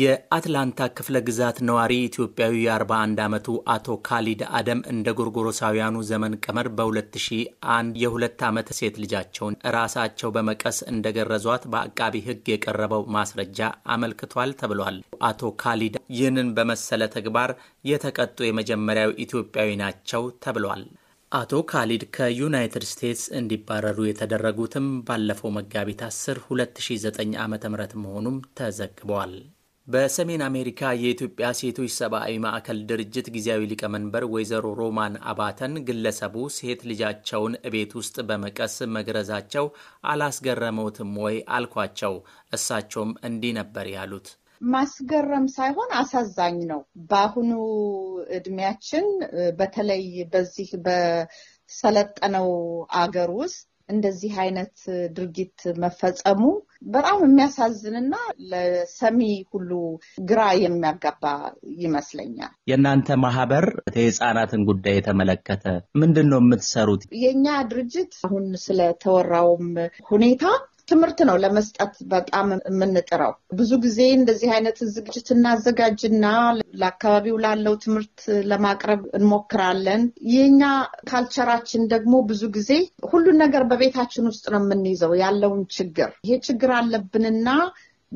የአትላንታ ክፍለ ግዛት ነዋሪ ኢትዮጵያዊ የ41 ዓመቱ አቶ ካሊድ አደም እንደ ጎርጎሮሳውያኑ ዘመን ቀመር በ2001 የሁለት ዓመት ሴት ልጃቸውን ራሳቸው በመቀስ እንደገረዟት በአቃቢ ሕግ የቀረበው ማስረጃ አመልክቷል ተብሏል። አቶ ካሊድ ይህንን በመሰለ ተግባር የተቀጡ የመጀመሪያው ኢትዮጵያዊ ናቸው ተብሏል። አቶ ካሊድ ከዩናይትድ ስቴትስ እንዲባረሩ የተደረጉትም ባለፈው መጋቢት 10 2009 ዓ.ም መሆኑም ተዘግቧል። በሰሜን አሜሪካ የኢትዮጵያ ሴቶች ሰብአዊ ማዕከል ድርጅት ጊዜያዊ ሊቀመንበር ወይዘሮ ሮማን አባተን ግለሰቡ ሴት ልጃቸውን እቤት ውስጥ በመቀስ መግረዛቸው አላስገረመውትም ወይ አልኳቸው። እሳቸውም እንዲህ ነበር ያሉት። ማስገረም ሳይሆን አሳዛኝ ነው። በአሁኑ እድሜያችን በተለይ በዚህ በሰለጠነው አገር ውስጥ እንደዚህ አይነት ድርጊት መፈጸሙ በጣም የሚያሳዝንና ለሰሚ ሁሉ ግራ የሚያጋባ ይመስለኛል። የእናንተ ማህበር የህፃናትን ጉዳይ የተመለከተ ምንድን ነው የምትሰሩት? የእኛ ድርጅት አሁን ስለተወራውም ሁኔታ ትምህርት ነው ለመስጠት በጣም የምንጥረው። ብዙ ጊዜ እንደዚህ አይነት ዝግጅት እናዘጋጅና ለአካባቢው ላለው ትምህርት ለማቅረብ እንሞክራለን። የኛ ካልቸራችን ደግሞ ብዙ ጊዜ ሁሉን ነገር በቤታችን ውስጥ ነው የምንይዘው ያለውን ችግር ይሄ ችግር አለብንና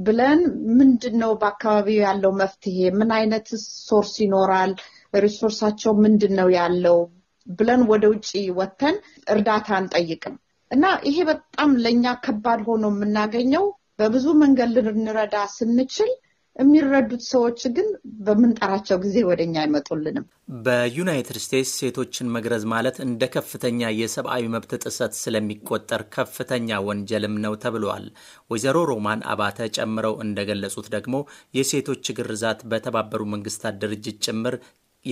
ብለን ምንድን ነው በአካባቢው ያለው መፍትሄ፣ ምን አይነት ሶርስ ይኖራል፣ ሪሶርሳቸው ምንድን ነው ያለው ብለን ወደ ውጭ ወጥተን እርዳታ አንጠይቅም። እና ይሄ በጣም ለእኛ ከባድ ሆኖ የምናገኘው በብዙ መንገድ ልንረዳ ስንችል የሚረዱት ሰዎች ግን በምንጠራቸው ጊዜ ወደኛ አይመጡልንም። በዩናይትድ ስቴትስ ሴቶችን መግረዝ ማለት እንደ ከፍተኛ የሰብአዊ መብት ጥሰት ስለሚቆጠር ከፍተኛ ወንጀልም ነው ተብሏል። ወይዘሮ ሮማን አባተ ጨምረው እንደገለጹት ደግሞ የሴቶች ግርዛት በተባበሩ መንግስታት ድርጅት ጭምር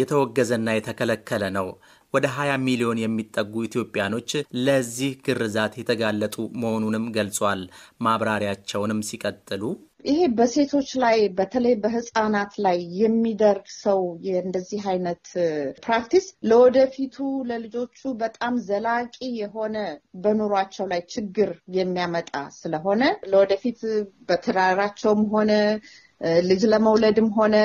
የተወገዘና የተከለከለ ነው። ወደ 20 ሚሊዮን የሚጠጉ ኢትዮጵያኖች ለዚህ ግርዛት የተጋለጡ መሆኑንም ገልጿል። ማብራሪያቸውንም ሲቀጥሉ ይሄ በሴቶች ላይ በተለይ በህፃናት ላይ የሚደርሰው እንደዚህ አይነት ፕራክቲስ ለወደፊቱ ለልጆቹ በጣም ዘላቂ የሆነ በኑሯቸው ላይ ችግር የሚያመጣ ስለሆነ ለወደፊት በትዳራቸውም ሆነ ልጅ ለመውለድም ሆነ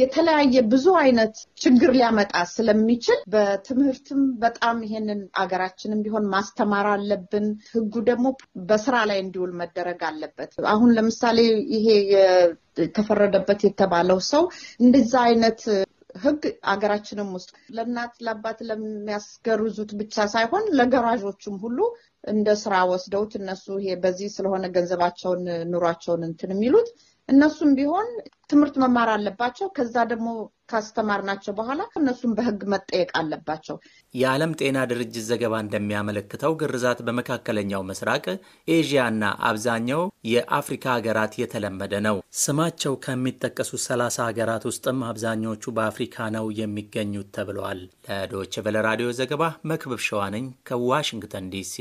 የተለያየ ብዙ አይነት ችግር ሊያመጣ ስለሚችል በትምህርትም በጣም ይሄንን አገራችንም ቢሆን ማስተማር አለብን። ህጉ ደግሞ በስራ ላይ እንዲውል መደረግ አለበት። አሁን ለምሳሌ ይሄ የተፈረደበት የተባለው ሰው እንደዛ አይነት ህግ አገራችንም ውስጥ ለእናት ለአባት ለሚያስገርዙት ብቻ ሳይሆን ለገራዦቹም ሁሉ እንደ ስራ ወስደውት እነሱ ይሄ በዚህ ስለሆነ ገንዘባቸውን ኑሯቸውን እንትን የሚሉት እነሱም ቢሆን ትምህርት መማር አለባቸው። ከዛ ደግሞ ካስተማርናቸው በኋላ እነሱም በህግ መጠየቅ አለባቸው። የዓለም ጤና ድርጅት ዘገባ እንደሚያመለክተው ግርዛት በመካከለኛው ምስራቅ፣ እና አብዛኛው የአፍሪካ ሀገራት የተለመደ ነው። ስማቸው ከሚጠቀሱ ሰላሳ ሀገራት ውስጥም አብዛኞቹ በአፍሪካ ነው የሚገኙት ተብለዋል። ለዶች ቬለ ራዲዮ ዘገባ መክብብ ሸዋነኝ ከዋሽንግተን ዲሲ